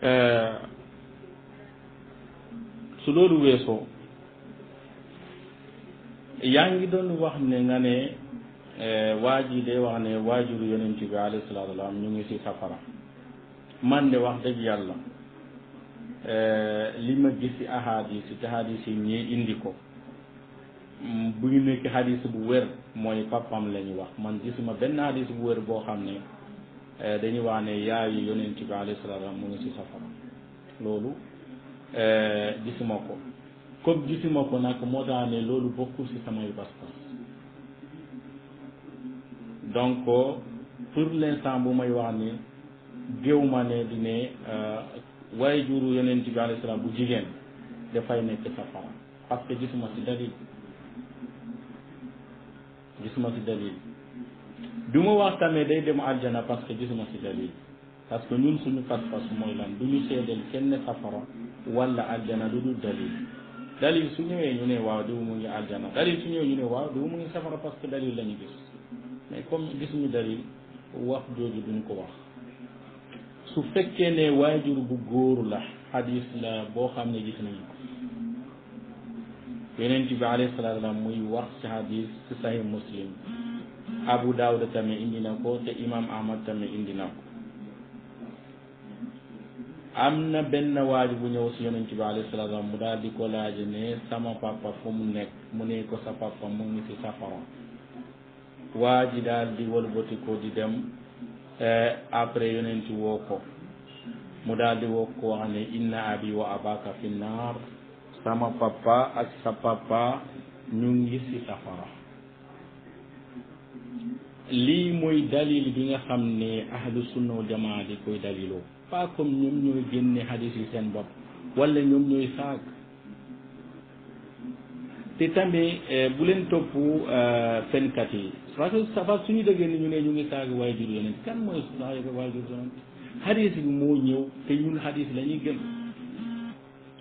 Euh, su loolu weesoo yaa ngi doon wax ne nga ne euh, waa ji de wax ne waajuru yonent bi alayhi salaatu salaam ñu ngi ci safara man de wax dëgg yàlla euh, li ma gis ci ahadis yi te ahadis yi ñee indi ko bu ñu nekk hadis bu wér mooy papam la ñu wax man gisuma benn hadis bu wér boo xam ne Eh, dañuy wax ne yaayu yonent bi alayhi salaatu salaam mu ngi ci safara loolu eh, gisuma ko comme gisuma ko nag moo tax ne loolu bokkul ci samay pas-pas donc pour l'instant bu may wax ni géew ma ne di eh, waaye juru yonent bi alayhi salaam bu jigéen dafay nekk safara parce gisuma ci dalil gisuma ci dalil du ma wax tamit day dem aljana parce que gisuma ci dalil parce que ñun suñu pas-pas mooy lan du ñu seedeel kenn safara walla aljana du dul dalil dalil su ñëwee ñu ne waaw diw mu ngi aljana dalil su ñëwee ñu ne waaw diw mu ngi safara parce que dalil la ñu gis mais comme gisuñu dalil wax jooju duñ ko wax su fekkee ne waajur bu góor la xadis la boo xam ne gis nañu ko yeneen ci bi wa salaam muy wax ci xadis ci sahih muslim abu dawuda tamit indi na ko te imam ahmad tamit indi na ko am na benn waaju bu ñëw si yonent bi alayhi salaatu salaam mu daal di ko ne sama papa fu mu nekk mu ne ko sa papa mu ngi si safara waa ji daal di walbati ko di dem eh, après yonent woo mu daal di woo ko wax ne inna abi wa abaka fi sama papa ak sa papa ñu ngi si safara lii mooy dalil bi nga xam ne ahlu sunna wal jamaa di koy daliloo pas comme ñoom ñooy génne hadis yi seen bopp wala ñoom ñooy saag te tamit eh, bu leen topp eh, fenkat yi parce que safa suñu déggee ni ñu ne ñu ngi saag waajur yonent kan mooy saag waajur yonent hadis bi moo ñëw te ñun hadis lañuy ñuy gëm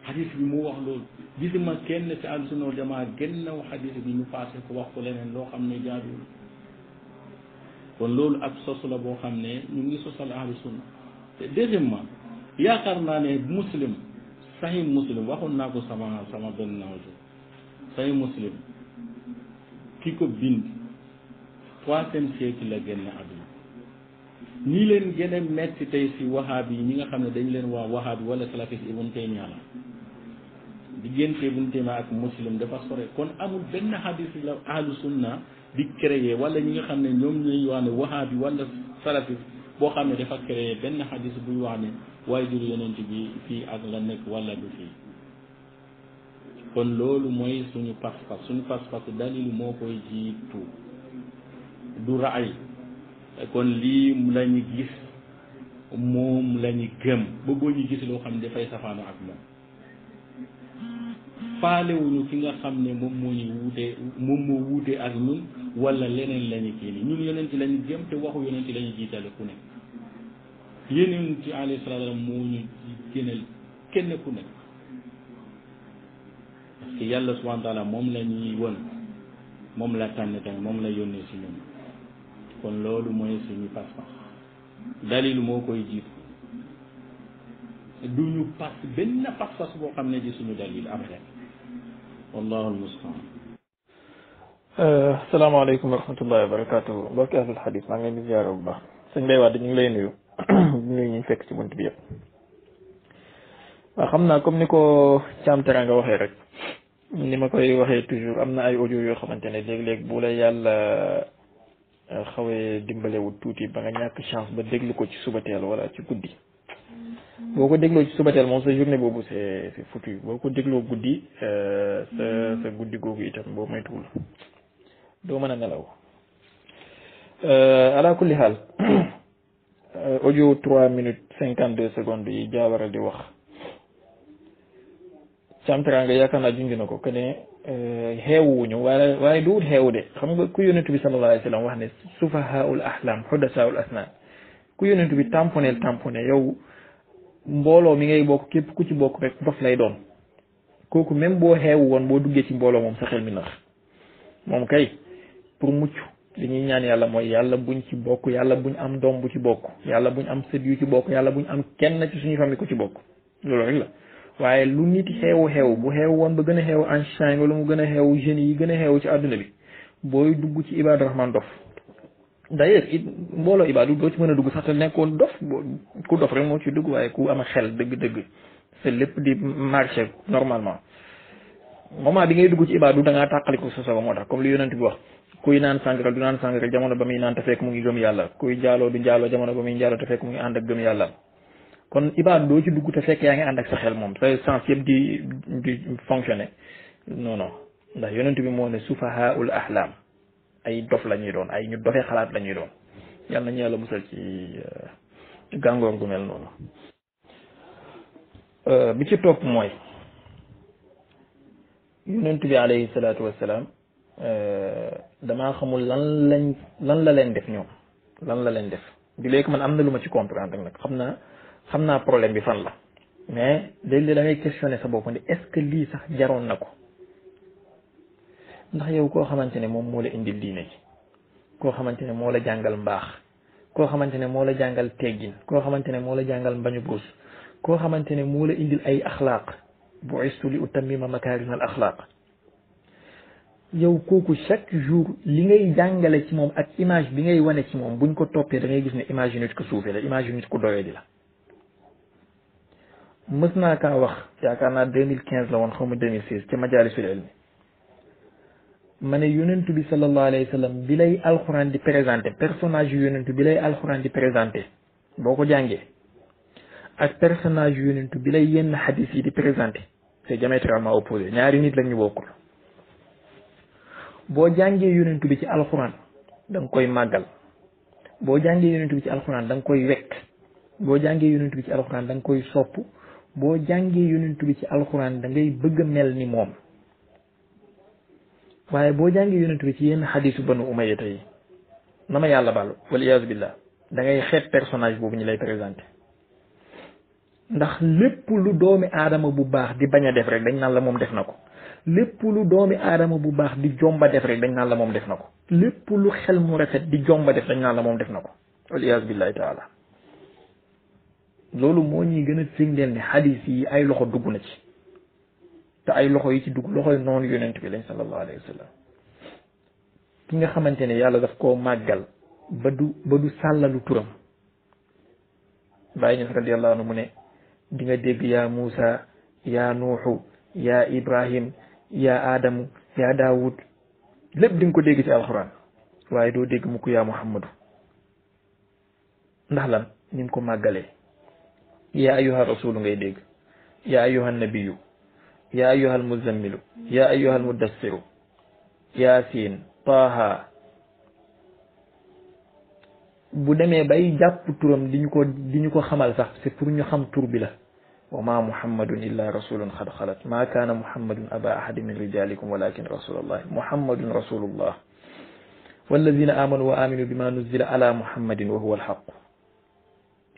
hadis bi moo wax loolu gisuma kenn ci ahlu sunna wal gën génnaw hadis bi ñu passé ko wax ko leneen loo xam ne jaaduwul kon loolu ak sos la boo xam ne ñu ngi sosal ahlu sunna te deuxièmement yaakaar naa ne muslim sahih muslim waxoon naa ko sama sama benn nawjo sahih muslim ki ko bind troisième siècle la génn àdduna ñi leen gën a metti tey si wahaab yi ñi nga xam ne dañ leen waa wahaab yi wala salafis ibn taymiya la diggante ibn taymiya ak muslim dafa sore kon amul benn hadis la ahlu sunna di créer wala ñi nga xam ne ñoom ñuy wax ne wahabi wala salafi boo xam ne dafa créer benn xadis buy wax ne waaye jur yonent bi fii ak la nekk wala du fii kon loolu mooy suñu pas-pas suñu pas-pas dalil moo koy jiitu du raay kon lii lañu gis moom lañu gëm bëggoo ñu gis loo xam ne dafay safaano ak moom faalewuñu ki nga xam ne moom moo ñu wuute moom moo wuute ak ñun wala leneen lañu kii ni ñun yonent lañu gëm te waxu yonent lañu jiitale ku nekk yonent ci alayhi salaatu moo ñu gënal kenn ku nekk yàlla subhanahu moom la ñuy won moom la tànn moom la yónnee si ñun kon loolu mooy suñu pas-pas dalil moo koy jiitu du ñu pas benn pas-pas boo xam ne ci suñu dalil am rek wallahu almustaan eh, asalaamaaleykum wa rahmatullahi wa barakatuhu mbokki ahlul xadis maa ngi leen di ziyaara bu baax sëñ Mbaye Wade ñu ngi lay nuyu nuyu ñu fekk ci bunt bi yëpp waaw xam naa comme ni ko Thiam Teranga waxee rek ni ma koy waxee toujours am na ay audio yoo xamante ne léeg-léeg bu la yàlla eh, xawee dimbalewut tuuti ba nga ñàkk chance ba déglu ko ci suba teel wala ci guddi boo ko dégloo ci subateel moom sa journée boobu c'est c'est foutu boo ko dégloo guddi euh, sa mm-hmm. sa guddi googu itam boo moytuwul doo mën a nelaw euh, ala kulli xaal audio trois minutes cinquante deux secondes yi jaabaral di wax Thiam Teranga yaakaar naa junj na ko que ne euh, xeewuñu waaye waaye du wut xeewu de xam nga ku yonent bi sallallahu alayhi wa sallam wax ne sufahaul ahlam asnaan ku yonent bi tamponeel tamponé yow mbooloo mi ngay bokk képp ku ci bokk rek dof lay doon kooku même boo xeewu woon boo duggee ci mbooloo moom sa xel mi nax moom kay pour mucc li ñuy ñaan yàlla mooy yàlla buñ ci bokk yàlla buñ am doom bu ci bokk yàlla buñ am sët yu ci bokk yàlla buñ am kenn ci suñu famille ku ci bokk loolu rek la waaye lu nit xeewu xew bu xew woon ba gën a xew en Einstein wala mu gën a xeewu jeunes yi gën a xew ci àdduna bi booy dugg ci Ibadou Rahman dof d'ailleurs it mbooloo ibaadu doo ci mën a dugg sax te nekkoon dof ku dof rek moo ci dugg waaye ku am xel dëgg-dëgg c'est lépp di marché normalement moment bi ngay dugg ci ibaadu da ngaa tàqaliku sa soba moo tax comme li yonent bi wax kuy naan sàngara du naan sàngara jamono ba muy naan te fekk mu ngi gëm yàlla kuy jaaloo du jaaloo jamono ba muy njaaloo te fekk mu ngi ànd ak gëm yàlla kon ibaadu doo ci dugg te fekk yaa ngi ànd ak sa xel moom sa sens yëpp ndax yonent bi moo ne ay dof lañuy doon ay ñu dofee xalaat lañuy ñuy doon yal na ñu yàlla musal euh, ci gàngoor gu mel noonu euh, bi ci topp mooy yonent bi alayhi salaatu wassalaam euh, damaa xamul lan lañ lan la leen def ñoom lan la leen def di léegi man am na lu ma ci comprendre nag xam naa xam naa problème bi fan la mais léeg-léeg da ngay questionner sa boppa ne est lii sax jaroon na ko ndax yow koo xamante ne moom moo la indil diine ji koo xamante ne moo la jàngal mbaax koo xamante ne moo la jàngal teggin koo xamante ne moo la jàngal mbañu buus koo xamante ne moo la indil ay axlaaq bu'istu li utammima makarim al axlaaq yow kooku chaque jour li ngay jàngale ci moom ak image bi ngay wane ci moom buñ ko toppee da gis ne image yu nit ko suufee la image yu nit ko doyee di la mës naa kaa wax yaakaar naa 2015 la woon xaw ma 2016 ca majalisul ilmi ma ne yonent bi sallallahu alayhi wa sallam bi lay alxuraan di présenté personnage yu yonent bi lay alxuraan di présenté boo ko jàngee ak personnage yu yonent bi lay yenn xadis yi di présenté c'est diamétralement opposé ñaari nit lañu bokkul boo jàngee yonent bi ci alxuraan da koy màggal boo jàngee yonent bi ci alxuraan da nga koy wekk boo jàngee yonent bi ci alxuraan da nga koy sopp boo jàngee yonent bi ci alxuraan da ngay bëgg a mel ni moom waaye boo jàngee yonent bi ci yenn xadiisu banu umayya yi na ma yàlla baal wal iyaazu billah da ngay xeet personnage boobu ñu lay présenté ndax lépp lu doomi aadama bu baax di bañ a def rek dañ naan la moom def na ko lépp lu doomi aadama bu baax di jomba def dañ naan la moom def na ko lépp lu xel mu rafet di jomba def dañ naan la moom def na ko wal iyaazu billahi taala loolu moo ñuy gën a firndeel xadiis yi ay loxo dugg na ci te ay loxo yi ci dugg loxoy noonu yonent bi lañ sallallahu alayhi wa sallam ki nga xamante ne yàlla daf koo màggal ba du ba du turam bàyyi ñëw radiyallahu anhu mu ne di nga dégg yaa Muusa yaa Nuuxu yaa Ibrahim yaa Adamu yaa Daawud lépp di ko dégg ci alxuraan waaye doo dégg mukk yaa Muhammadu ndax lan ni ko màggale yaa ayyuha rasulu ngay dégg yaa ayyuha nabiyu yaa ayyuhal muzammilu yaa ayyuhal muddassiru yaasiin taaha bu demee bay jàpp turam di ñu ko di ñu ko xamal sax c'est pour ñu xam tur bi la wa ma muhammadun illa rasulun xad xalat ma kaana muhammadun aba ahadin min rijalikum walakin rasulallah muhammadun rasulullah walladina amanu wa aminu bima nuzila ala muhammadin wa huwa alxaq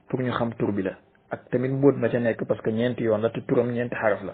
pour ñu xam tur bi la ak tamit mbóot ma ca nekk parce que ñeenti yoon la te turam ñeenti xaraf la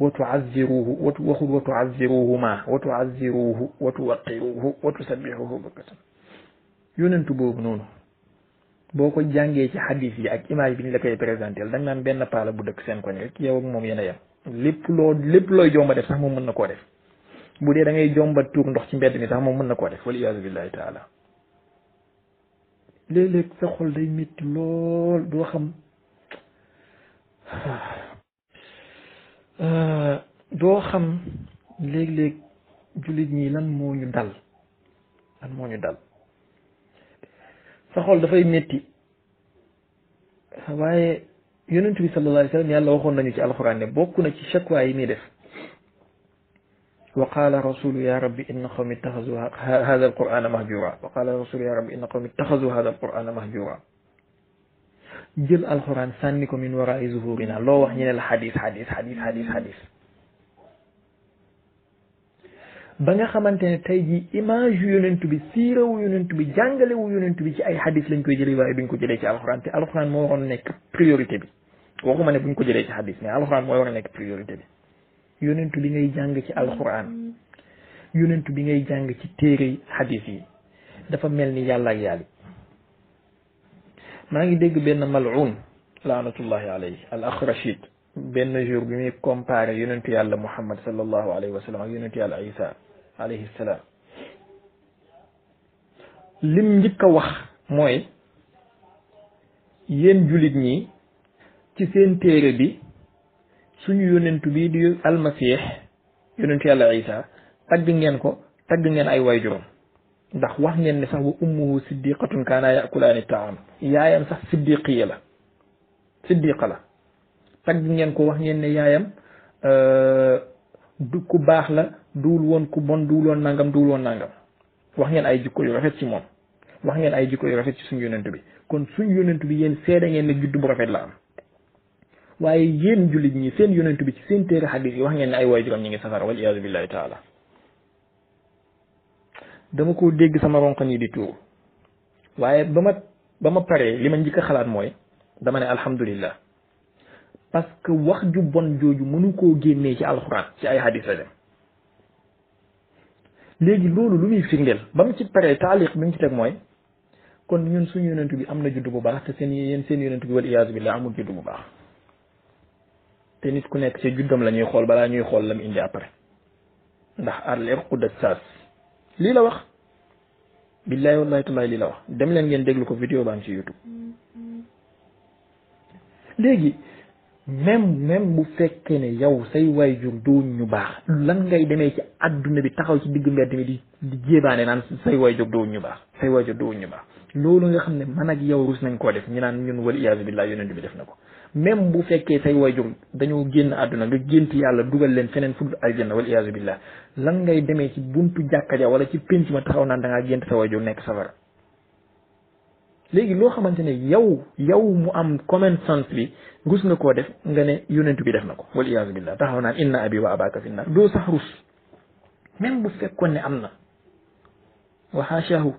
وتعذروه وتوخذ وتعذروهما وتعذروه وتوقروه وتسبحوه بكرة yonent boobu noonu boo ko jàngee ci hadith yi ak image bi ñu la koy présenté da nga naan benn paala bu dëkk seen koñ rek yow moom yéen a yem lépp loo lépp looy jomba def sax moom mën na koo def bu dee da ngay jomba tuur ndox ci mbedd mi sax moom mën na koo def wal iyaazu billahi taala léeg-léeg xol day métti lool doo xam. Euh, doo xam léeg-léeg jullit ñii lan moo dal lan moo ñu dal sa xol dafay metti waaye yonent bi sallallahu alayhi wa sallam waxoon nañu ci alxuraan ne bokk na ci shakwa yi muy def wa qaala rasulu ya rabbi inna qawmi ittaxazu hada alqurana mahjura wa qaala rasulu ya rabbi inna qawmi ittaxazu hada alqurana mahjura jël alxuraan sànni ko min waraay zuhurina loo wax ñu ne la xadis xadis xadis xadis xadis ba nga xamante ne tey jii image yu yonent bi siira wu yonent bi jàngale wu yonent bi ci ay xadis lañ koy jëlee waaye duñ ko jëlee ci alxuraan te alxuraan moo nekk priorité bi waxuma ne buñ ko jëlee ci xadis mais alxuraan moo waroon nekk priorité bi yonent bi ngay jàng ci alxuraan yonent bi ngay jàng ci téere xadis yi dafa mel ni yàlla ak yàlla maa ngi dégg benn mal'un laanatullahi alayhi al akhrashid benn jour bi muy comparé yonentu yàlla muhammad sallallahu alayhi wa sallam ak yonentu yàlla isa alayhi salaam lim njëkk wax mooy yéen julit ñi ci seen téere bi suñu yonentu bii di almasih yonentu yàlla isa tagg ngeen ko tagg ngeen ay way waajuram ndax wax ngeen ne sax wa ummuhu siddiqatun kaana yakulaani taam yaayam sax yee la siddiqa la tagg ngeen ko wax ngeen ne yaayam du euh, ku baax la duul woon ku bon duul woon nangam duul woon nangam wax ngeen ay jikko yu rafet ci moom wax ngeen ay jikko yu rafet ci suñu yonent bi kon suñu yonent bi yéen seede ngeen ne juddu bu rafet la am waaye yéen jullit ñi seen yonent bi ci seen téere xadis wax ngeen ne ay waajuram ñi ngi safara wal dama ko dégg sama ronqañ yi di tuur waaye ba ma ba ma paree li ma njëkk xalaat mooy dama ne alhamdulillah parce wax ju bon jooju mënu koo génnee ci alxuraan ci ay hadis dem léegi loolu lu muy firndeel ba mu ci paree taaliq bi mu ci teg mooy kon ñun suñu yonent bi am na juddu bu baax te seen yéen seen yonent bi wal iyaazu billah amul juddu bu baax te nit ku nekk ci juddam la ñuy xool balaa ñuy xool lam indi après ndax al irqu dassaas lii la wax billahi wallahi tallahi lii la wax dem leen ngeen déglu ko vidéo baa ngi ci YouTube léegi même même bu fekkee ne yow say waajur doon ñu baax lan ngay demee ci adduna bi taxaw ci digg mbedd mi di di jébaane naan say waajur doon ñu baax say waajur doon ñu baax loolu nga xam ne man ak yow rus nañ koo def ñu naan ñun wal iyaazu billahi yonent bi def na ko même bu fekkee say wayjur dañoo génn àdduna nga gént yàlla dugal leen feneen fudul aljanna wal iyaazu billah lan ngay demee ci buntu jàkka ja wala ci penc ma taxaw naan da génn gént sa wayjur nekk safara léegi loo xamante ne yow yow mu am common sense bi rus nga koo def nga ne yonent bi def na ko wal iyaazu billah taxaw naan inna abi wa abaka fi naar doo sax rus même bu fekkoon ne am na wa xaashahu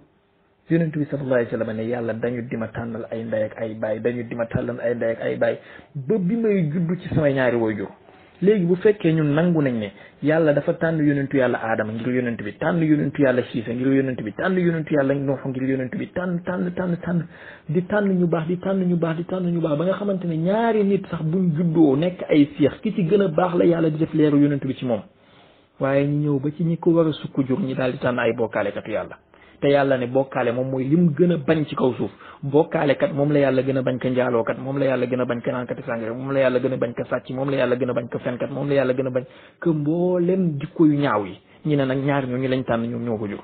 yonent bi sallallahu alayhi wa sallam ne yàlla dañu dima tànnal ay ndey ak ay baay dañu dima tànnal ay ndey ak ay bi may juddu ci samay ñaari waajur léegi bu fekkee ñun nangu nañ ne yàlla dafa tànn yonentu yàlla aadama ngir yonent bi tànn yonentu yàlla siisa ngir yonent bi tànn yonentu yàlla noofa ngir yonent bi tànn tànn tànn tànn di tànn ñu baax di tànn ñu baax di tànn ñu baax ba nga xamante ne ñaari nit sax buñ juddoo nekk ay ki ci gën a baax la yàlla di def leeru yonent bi ci moom waaye ñu ñëw ba ci ñi ko war a sukk jur ñi daal di tànn ay bokkaalekatu yàlla te yàlla ne bokkaale moom mooy lim gën a bañ ci kaw suuf bokkaale kat moom la yàlla gën a bañ ka njaalookat moom la yàlla gën a bañ ka naankati sàngara moom la yàlla gën a bañ ka sàcc moom la yàlla gën a bañ ka fenkat moom la yàlla gën a bañ ka mboolem jikko yu ñaaw yi ñu ne nag ñaar ñooñu lañ tànn ñoom ñoo ko jur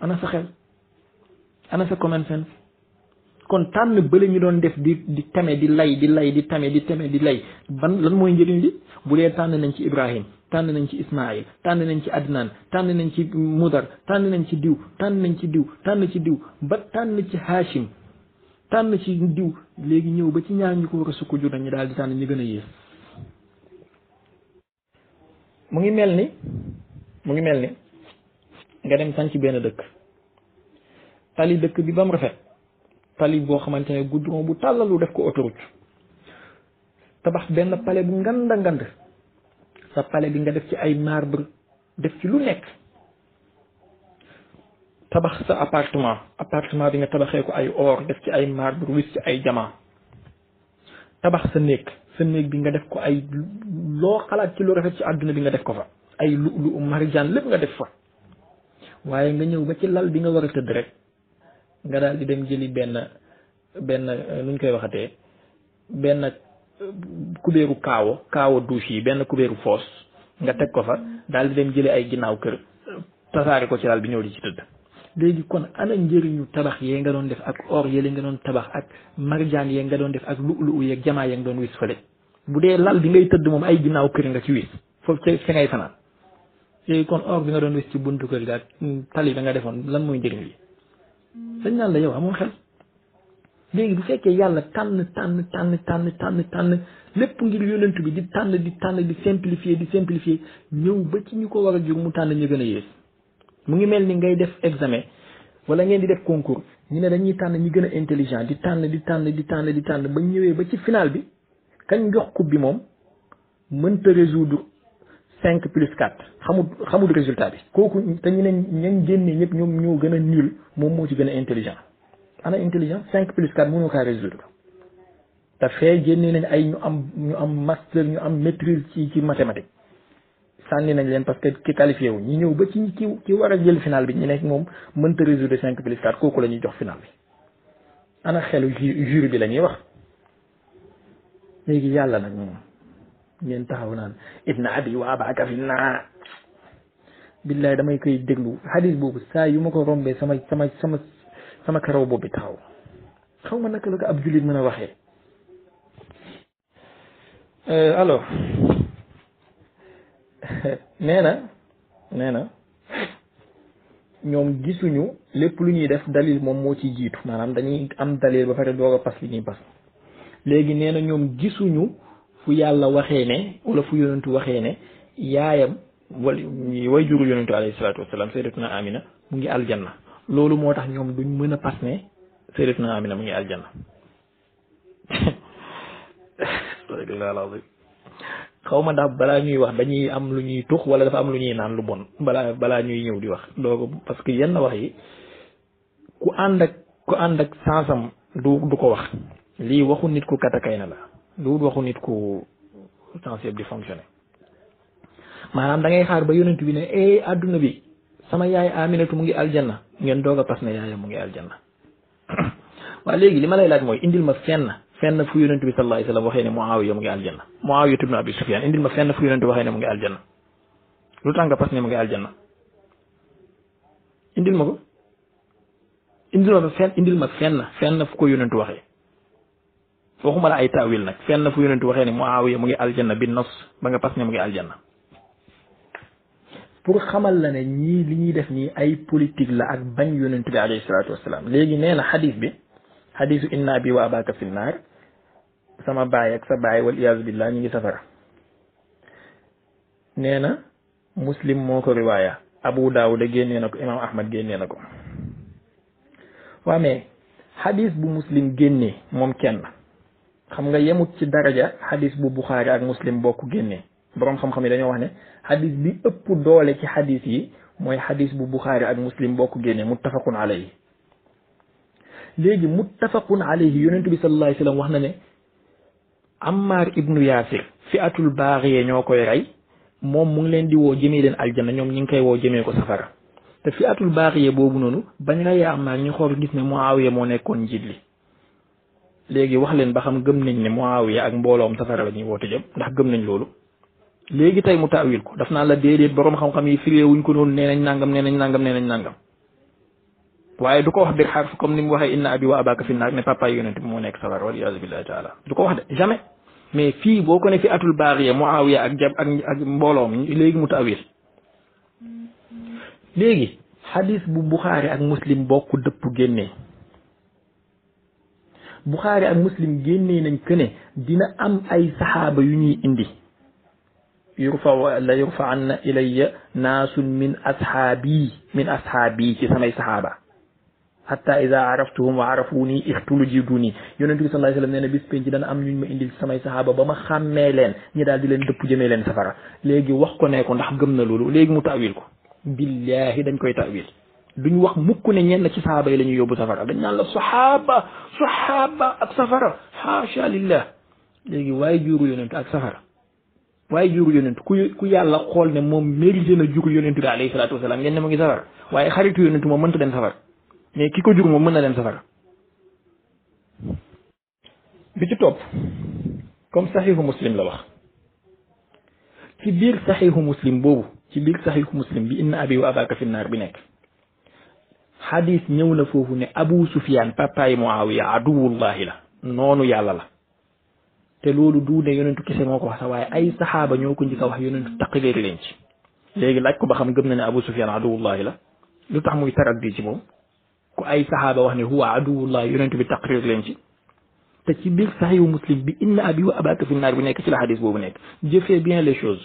ana sa xel ana sa common kon tànn bële ñu doon def di di tame di lay di lay di tame di tame di lay ban lan mooy njëriñ li bu dee tànn nañ ci Ibrahim tànn nañ ci Ismaayil tànn nañ ci Adnan tànn nañ ci Mudar tànn nañ ci diw tànn nañ ci diw tànn ci diw ba tànn ci Hachim tànn ci diw léegi ñëw ba ci ñaar ñu ko war a sukk jur daal di tànn ñu gën a yées. mu ngi mel ni mu ngi mel ni nga dem ci benn dëkk tali dëkk bi ba mu rafet tali boo xamante ne goudron bu tàllalu def ko autoroute tabax benn palais bu ngand ngand. sa palais bi nga def ci ay marbre def ci lu nekk tabax sa appartement appartement bi nga tabaxee ko ay or def ci ay marbre wis ci ay diamant tabax sa néeg sa néeg bi nga def ko ay loo xalaat ci lu rafet ci àdduna bi nga def ko fa ay lu lu marjaan lépp nga def fa waaye nga ñëw ba ci lal bi nga war a tëdd rek nga daal di dem jëli benn benn eh, nuñ koy waxatee benn kubéeru kaawo kaawo douche yi benn kubéeru foos nga teg ko fa daal di dem jëlee ay ginnaaw kër tasaare ko ci daal bi ñëw di ci tëdd léegi kon ana njëriñu tabax yee nga doon def ak or yële nga doon tabax ak marjaan yee nga doon def ak lu'lu yeeg jamaa yee nga doon wis fële bu dee lal bi ngay tëdd moom ay ginnaaw kër nga ci wis foofu ca ca ngay fanaan léegi kon or bi nga doon wis ci buntu kër ga ak tali ba nga defoon lan mooy njëriñ li dañ naan la yow léegi bu fekkee yàlla tànn tànn tànn tànn tànn tànn lépp ngir yonent bi di tànn di tànn di simplifier di simplifier ñëw ba ci ñu ko war a jur mu tànn ñu gën yées mu ngi mel ni ngay def examen wala ngeen di def concours ñu ne dañuy tànn ñi gën a intelligent di tànn di tànn di tànn di tànn ba ñëwee ba ci final bi kañ jox coupe bi moom mënta résoudre cinq plus quatre xamul xamul résultat bi kooku te ñu ne ñañ génnee ñëpp ñoom ñoo gën a nul moom moo ci gën a intelligent ana intelligence cinq plus quatre mënoo kaa résoudre te fee génne nañ ay ñu am ñu am master ñu am maîtrise ci ci mathématique sànni nañ leen parce que ki qualifié wu ñu ñëw ba ci ki war a jël final bi ñu nekk moom mënta résoudre cinq plus quatre kooku la ñuy jox final bi ana xelu jury bi lañuy wax léegi yàlla nag moom ngeen taxaw naan ibna abi wa abaka fi naa billaay damay koy déglu hadis boobu saa yu ma ko rombee sama sama sama sama karaw boobu taxaw xaw ma naka la ko ab jullit mën a waxee euh, alors nee na nee na ñoom gisuñu lépp lu ñuy def dalil moom moo ci jiitu maanaam dañuy am dalil ba pare doog a pas li ñuy pas léegi nee na ñoom gisuñu fu yàlla waxee ne wala fu yonentu waxee ne yaayam wala way juru yonentu alayhi salaatu wasalaam sayyidatuna amina mu ngi aljanna loolu moo tax ñoom duñ mën a pas ne Sayyidatuna Amina mu ngi aljanna xaw ma ndax balaa ñuy wax dañuy am lu ñuy tux wala dafa am lu ñuy naan lu bon balaa balaa ñuy ñëw di wax donc parce que yenn wax yi ku ànd ak ku ànd ak sansam du du ko wax lii waxu nit ku katakay la du waxu nit ku sensible di fonctionner maanaam da xaar ba yonent bi ne eh, adduna bi. sama yaay aminatu mu ngi aljanna ngeen doog a pas ne yaayam mu ngi aljanna waa léegi li ma lay laaj mooy indil ma fenn fenn fu yonent bi sallallahu alayhi wasallam waxee ne Muawiya ma fenn fu yonent waxee ne mu ngi aljanna lu tax nga pas ne mu ngi aljanna indil ma ko indil ma fenn indil ma fenn fenn fu ko yonent waxee waxuma la ay taawil nag fenn fu yonent waxee ne Muawiya mu ngi aljanna bi nas ba nga pas ne mu ngi aljanna pour xamal la ne ñii li ñuy def nii ay politique la ak bañ yonent bi alayhi salaatu wasalaam léegi nee na xadis bi xadisu inna abi wa abaka fi sama baay ak sa baay wal iyaazu billah ñu ngi safara nee na muslim moo ko riwaaya abu daawuda génnee na ko imaam ahmad génnee na ko waa mais xadis bu muslim génnee moom kenn xam nga yemut ci daraja xadis bu buxaari ak muslim bokk génnee boroom xam-xam yi dañoo wax ne xadis bi ëpp doole ci xadis yi mooy xadis bu Buxaari ak Muslim boo ko génnee muttafaqun alayhi léegi muttafaqun alayhi yonent bi sallallahu alayhi wasallam wax na ne Ammar ibnu Yaasir fi atul baaxiyee ñoo koy rey moom mu ngi leen di woo jëmee leen aljana ñoom ñi ngi koy woo jëmee ko safara te fi atul baaxiyee boobu noonu bañ reyee Ammar ñu xool gis ne Muawiya moo nekkoon njiit li léegi wax leen ba xam gëm nañ ne Muawiya ak mbooloom safara la ñuy woote jëm ndax gëm nañ loolu léegi tey mu taawil ko daf naa la déedéet boroom xam-xam yi firee wuñ ko noonu nee nañ nangam nee nañ nangam nee nañ nangam waaye du ko wax bi xarf comme ni mu waxee inna abi wa abaka fi naar ne papa yonent bi moo nekk sawar wal iyaazu billahi taala du ko wax de jamais mais fii boo ko ne fi atul baaxiya muawiya ak jab ak ak mbooloom léegi mu taawil léegi xadis bu buxaari ak muslim bokk dëpp génnee buxaari ak muslim génnee nañ que ne dina am ay saxaaba yu ñuy indi yurfa la yurfaanna ilayya naasun min ashaabi min ashaabi ci samay saxaaba hatta ida araftuhum wa arafuni ixtulujiduuni yonent bi sallallahu alayhi wa sallam nee na bis penc dana am ñu ma indil samay saxaaba ba ma xàmmee leen ñi daal di leen dëpp jëmee leen safara léegi wax ko ne ko ndax gëm na loolu léegi mu tawil ko billahi dañ koy tawil duñ wax mukk ne ñenn ci saxaaba yi la ñuy yóbbu safara dañ naan la saxaaba saxaaba ak safara xaasha lillah léegi waaye juuru yonent ak safara waaye juru yonent ku yàlla xool ne moom mérité na juru yonent bi alayhi salaatu wasalaam ngeen ne ma ngi safara waaye xaritu yonent moom mënta dem safara mais ki ko jur moom mën na dem safara bi ci topp comme saxiixu muslim la wax ci biir saxiixu muslim boobu ci biir saxiixu muslim bi inna abi wa abaka fi naar bi nekk xadis ñëw na foofu ne abu sufyaan papaay muawiya aduwullahi la noonu yàlla la te loolu du ne yonentu kese moo ko wax sax waaye ay saxaaba ñoo ko njëkk a wax yonentu taqileer leen ci léegi laaj ko ba xam gëm na ne Abu Sufyaan aduwullahi la lu tax muy taraddi ci moom ku ay saxaaba wax ne huwa aduwullahi yonentu bi taqileer leen ci te ci biir saxihu muslim bi inna abi wa abaka fi naar bi nekk ci la xadis boobu nekk jëfee bien les choses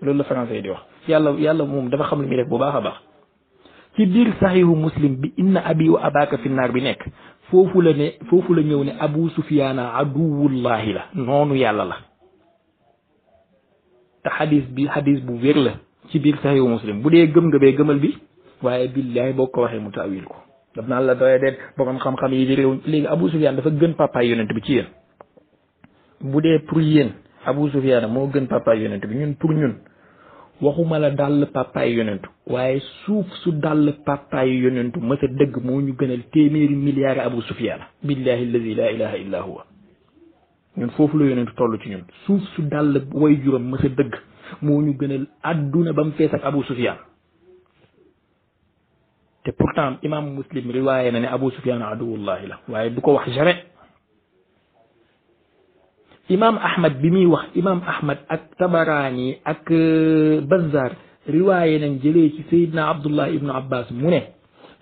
loolu la français di wax yàlla yàlla moom dafa xam lu muy def bu baax a baax ci biir saxiixu muslim bi inna abi wa abaka fi naar bi nekk foofu la ne foofu la ñëw ne abu sufiyaana aduwullahi la noonu yàlla la te xadis bi xadis bu wér la ci biir saxiixu muslim bu dee gëm nga bee gëmal bi waaye billahi boo ko waxee mu taawil ko naa la doye deet borom xam yi di réew léegi dafa gën papa yonent bi ci yéen bu dee pour yéen abu sufiyaan moo gën papa yonent bi ñun pour ñun waxuma la dàll pàppaay yonentu waaye suuf su dàll pàppaay yonentu mës a dëgg moo ñu gënal téeméeri milliards abu sufiyaana billahi alladi la ilaha illa huwa ñun foofu la yonentu toll ci ñun suuf su dàll way juróom mës dëgg moo ñu gënal àdduna ba mu fees ak abu sufiyaan te pourtant imam muslim riwaaye na ne abu sufiyaan aduwullahi la waaye du ko wax jamais imaam Ahmad bi muy wax imaam Ahmad ak Tabaraani ak euh, Bazzar riwaaye nañ jëlee ci Seydina Abdullah Ibn Abbas mu ne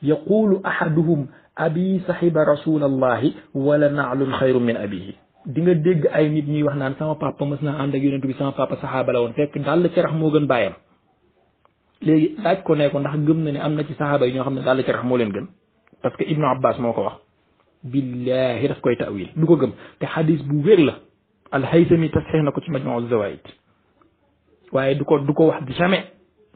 yaqulu ahaduhum abi saxiba rasulallahi wala na naalun xayru min abihi di nga dégg ay nit ñuy wax naan sama papa mës na ànd ak yonent bi sama papa saxaaba la woon fekk dàll cerax moo gën baayam léegi laaj ko ne ko ndax gëm na am na ci saxaaba yi ñoo xam ne dàll cerax moo leen gën parce que Ibn moo ko wax billahi daf koy tawil du ko gëm te xadis bu wér la alxaysami tasxiix na ko ci majmau zawaid waaye du ko du ko wax jamais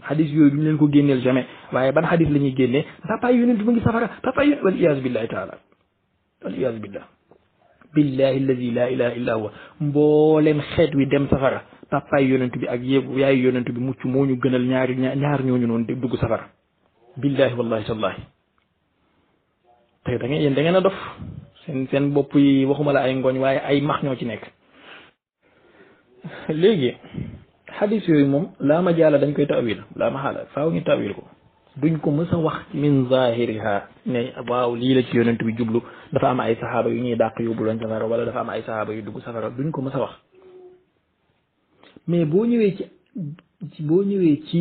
xadis yooyu duñ leen ko génneel jamais waaye ban xadis la ñuy génnee papa yonent mu ngi safara papa yonent la ilaha illa huwa xeet wi dem safara papa yonent bi ak yëpp yaayu yonent bi mucc moo ñu gënal ñaar ñooñu noonu dugg safara billahi wallahi tallahi tey da ngeen da ngeen a dof seen seen bopp yi waxuma la ay ngooñ waaye ay max ñoo ci nekk léegi xadis yooyu moom laa ma jaala dañ koy tawil laa ma xaala faaw ñu tawil ko duñ ko mës a wax min zahiriha ne waaw lii la ci yonent bi jublu dafa am ay saxaaba yu ñuy dàq yóbbu lañ safara wala dafa am ay saxaaba yu dugg safara duñ ko mës a wax mais boo ñëwee ci ñëwee ci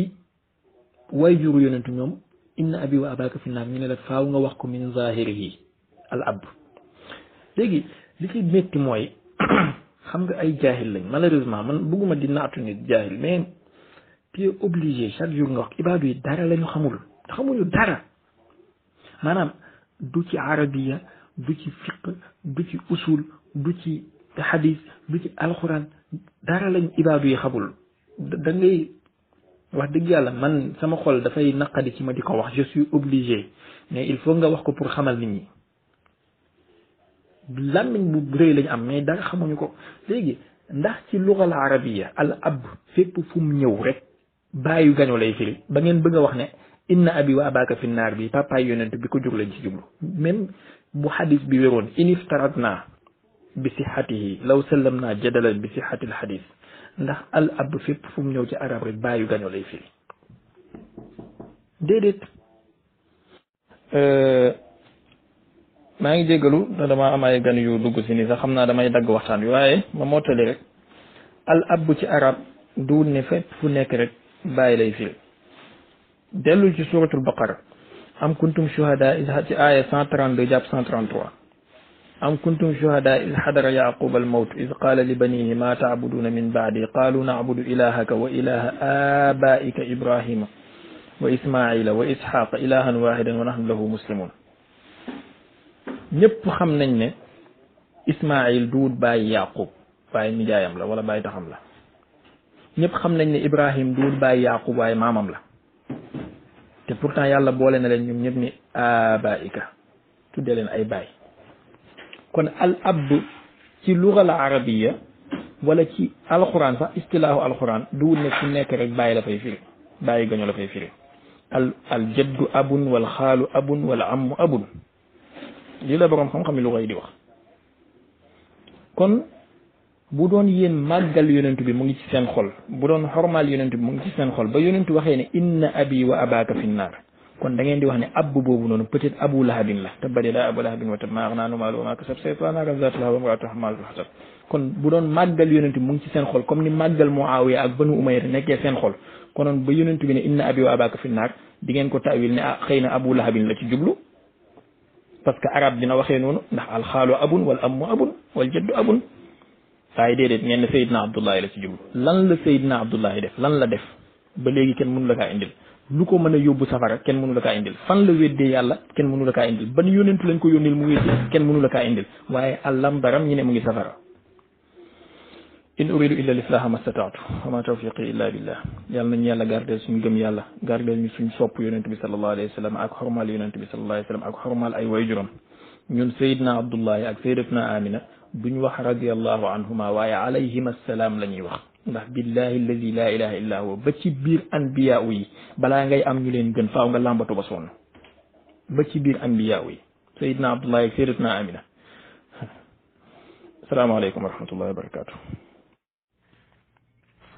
way juru yonent ñoom inna abi wa abaka fi ñu ne la faaw nga wax ko min zahirihi al ab léegi li ci métti mooy xam nga ay jaahil lañ malheureusement man bëgguma di naatu nit jaahil mais tu es obligé chaque jour nga wax ibaadu yi dara la ñu xamul xamuñu dara maanaam du ci arabiya du ci fiq du ci usul du ci hadis du ci alxuraan dara lañ ibaadu yi xamul da wax dëgg yàlla man sama xol dafay naqadi ci ma di ko wax je suis obligé mais il faut nga wax ko pour xamal ni ñi làmmiñ bu rëy lañu am mais dara xamuñu ko léegi ndax ci lugal arabiya al ab fépp fu mu ñëw rek bàyyu gaño lay firi ba ngeen bëgg a wax ne inna abi wa abaka fi naar bi papaay yonent bi ko jur lañ ci jublu même bu xadis bi wéroon in iftaratna bi sixatihi law sallam naa jadalan bi sixati al xadis ndax al ab fépp fu ñëw ci arab rek bàyyu gaño lay firi déedéet euh, maa ngi jégalu te damaa dugg si sax xam naa damay dagg waxtaan wi waaye ma mottali rek al abbu ci arab du ne fépp fu nekk rek bàyyi lay firi dellul ci suratul baqara am kuntum shuhada is ci aaya 132 jàpp 133 am kuntum shuhada yaqub al mawt is qaala li banihi ma taabuduna min baadi qaalu naabudu ilahaka wa ilaha abaika ibrahima wa ismaila wa isxaqa ilahan ñëpp xam nañ ne Ismaayil duwut bàyyi Yaqub waaye nijaayam la wala bàyyi taxam la ñëpp xam nañ ne Ibrahim duwut bàyyi Yaqub waaye maamam la te pourtant yàlla boole na leen ñoom ñëpp ni abaika tuddee leen ay baay kon al ab ci lugal arabiya wala ci alxuraan sax istilaahu alxuraan duwut ne ku nekk rek bàyyi la fay firi bàyyi gañu la fay firi al al jaddu abun wal xaalu abun wala ammu abun lii la boroom xam-xam yi lu koy di wax kon bu doon yéen màggal yonentu bi mu ngi ci seen xol bu doon xormaal yonentu bi mu ngi ci seen xol ba yonentu waxee ne inna abi wa abaka fi naar kon da di wax ne abb boobu noonu peut être abu lahabin la tabbat yadaa abu lahabin wa tabb maa bu doon màggal yonentu mu ngi ci seen xol comme ni màggal Muawiya ak banu seen xol konoon ba yonentu bi ne inna abi wa abaka fi naar di ngeen ko tawil ne ah xëy na abu lahabin la ci jublu parce que arab dina waxee noonu ndax alxaalu abun wal ammu abun wal jaddu abun waaye déedéet ngeen ne Seydina Abdullahi la ci jublu lan la Seydina Abdullahi def lan la def ba léegi kenn mënu la kaa indil lu ko mën a yóbbu safara kenn mënu la kaa indil fan la weddee yàlla kenn mënu la kaa indil ban yónentu lañ ko yónnil mu weddee kenn mënu la kaa indil waaye àllam baram ñi ne mu ngi safara in uridu illa lislaaha mastataatu wama tawfiqi illa billah yàlla nañu yàlla gardeel suñu gëm yàlla gardeel ñu suñ sopp yonent bi sallallahu alayhi wa sallam ak xormaal yonent bi sallallahu alayhi wa sallam ak xormaal ay wayjuram ñun sayidna abdullahi ak sayidatna amina duñ wax radiallahu anhuma waaye alayhim assalaam la ñuy wax ndax billahi alladi la ilaha illa huwa ba ci biir anbiya u yi balaa ngay am ñu leen gën faaw nga làmbatu ba sonn ba ci biir anbiya u yi sayidna abdullahi ak sayidatna amina asalaamaaleykum wa rahmatullahi wa barakatuh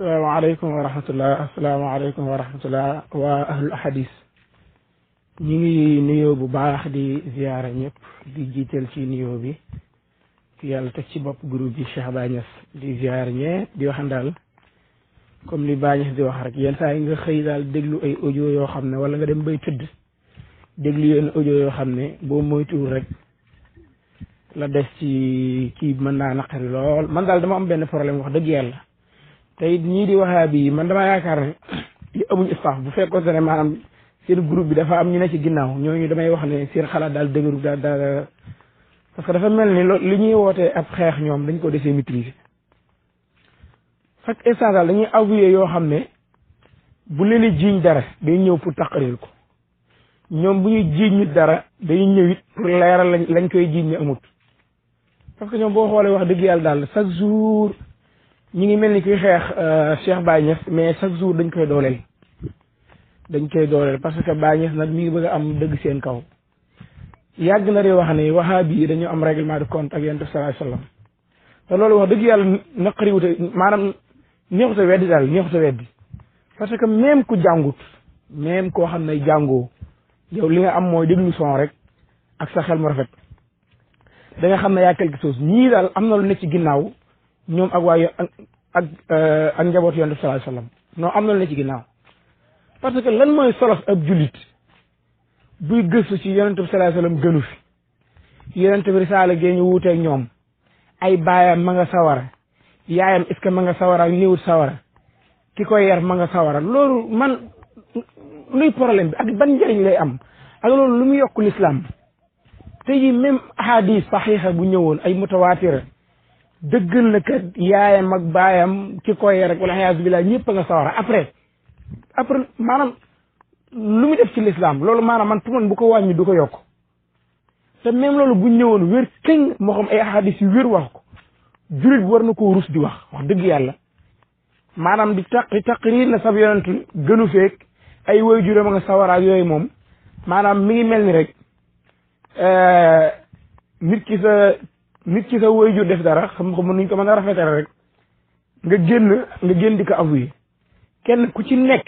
asalaamaaleykum wa rahmatullah asalaamaaleykum wa rahmatullah waa ahlul ahadis ñu ngi nuyoo bu baax di ziyaara ñëpp di jiital ci nuyoo bi yàlla teg ci bopp groupe bi Cheikh Baye di ziyaara ñëpp di waxan daal comme li Baye di wax rek yenn saa yi nga xëy daal déglu ay ojo yoo xam ne wala nga dem bay tëdd déglu yenn ojo yoo xam ne boo moytuwul rek la des ci kii mën naa naqari lool man daal dama am benn problème wax dëgg yàlla te it ñii di wahaabi yi man damaa yaakaar ne yi amuñ staff bu fekkoon ne maanaam seen groupe bi dafa am ñi ne ci ginnaaw ñooñu damay wax ne seen xalaat daal dëgëru daal daal parce que dafa mel ni li ñuy wootee ab xeex ñoom dañ koo desee maîtriser chaque instant daal dañuy avouer yoo xam ne bu leen jiiñ dara day ñëw pour taqaril ko ñoom bu ñuy jiiñ nit dara day ñëw it pour leeral lañ koy jiiñ ne amut parce que ñoom boo xoolee wax dëgg yàlla daal chaque jour ñu ngi mel ni kuy xeex euh, Cheikh Baye Niass mais chaque jour dañ koy dooleel dañ koy dooleel parce que Baye Niass nag mi ngi bëgg a am dëgg seen kaw yàgg na di wax ne wahabi yi dañu am règlement de compte ak yonent bi sallallahu alayhi wasallam te loolu wax dëgg yàlla naqariwute maanaam neexut a weddi daal neexut a weddi parce que même ku jàngut même koo xam ne jàngoo yow li nga am mooy déglu son rek ak sa xel mu rafet da xam ne yaa quelque chose ñii daal am na lu ne ci ginnaaw ñoom ak waa ak ak euh, ak njaboot yoon def sallallahu am na la ci ginnaaw parce que lan mooy solos ab jullit buy gëstu ci yonent bi sallallahu gënu fi yonent bi risaala géen ñu wuuteeg ñoom ay baayam ma nga sawara yaayam est-ce que ma nga sawara ak niwut sawara ki koy yar ma nga sawara loolu man luy problème bi ak ban njëriñ lay am ak loolu lu mu yokk lislaam te yi même ahadis saxiixa bu ñëwoon ay mutawatira dëggal na kat yaayam ak baayam ki koy rek wala xayaasu billah ñëpp a nga sawara après après maanaam lu mu def ci lislaam loolu maanaam man pour bu ko wàññi du ko yokk te même loolu bu ñëwoon wér këñ moo xam ay ahadis yu wér wax ko jurit bi war na ko rus di wax wax dëgg yàlla maanaam di taq di taqrir na sab yonent gënu feeg ay woy juróom a nga sawaraak yooyu moom maanaam mi ngi mel ni rek euh, nit ci sa waajur def dara xam nga nuñ ko mën a rafetal rek nga génn nga génn di ko avoué kenn ku ci nekk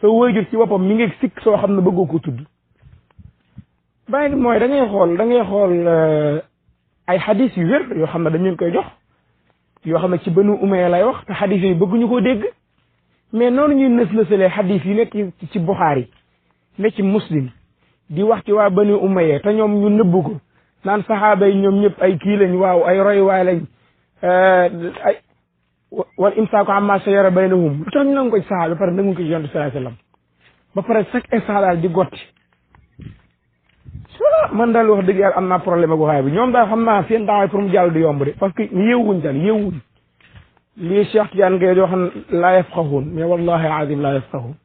sa waajur ci woppam mi ngi sikk soo xam ne bëggoo ko tudd bàyyi mooy da ngay xool dangay xool euh, ay xadis yu wér yoo xam ne dañ leen koy jox yoo xam ne ci banu umee lay wax te xadis yooyu bëgguñu koo dégg mais noonu ñuy nës nësalee xadis yi nekk ci Buxaari ne ci muslim di wax ci waa banu umee te ñoom ñu nëbbu ko naan saxaaba yi ñoom ñëpp ay kii lañ waaw ay roywaay lañ eh, ay wal imsaaku amma sayara baynahum lu tax ñu nangu ko ba pare nangu ko ci yonent sallallahu alayhi wasallam ba pare chaque instant di gotti man daal wax dëgg yàlla am naa problème bi ñoom daal xam naa seen taxawaay pour mu jàll du yomb de parce que yéewuñ daal yéewuñ lii Cheikh Tidiane Gueye doo xam laa yafqahuun mais wallahi azim laa yafqahuun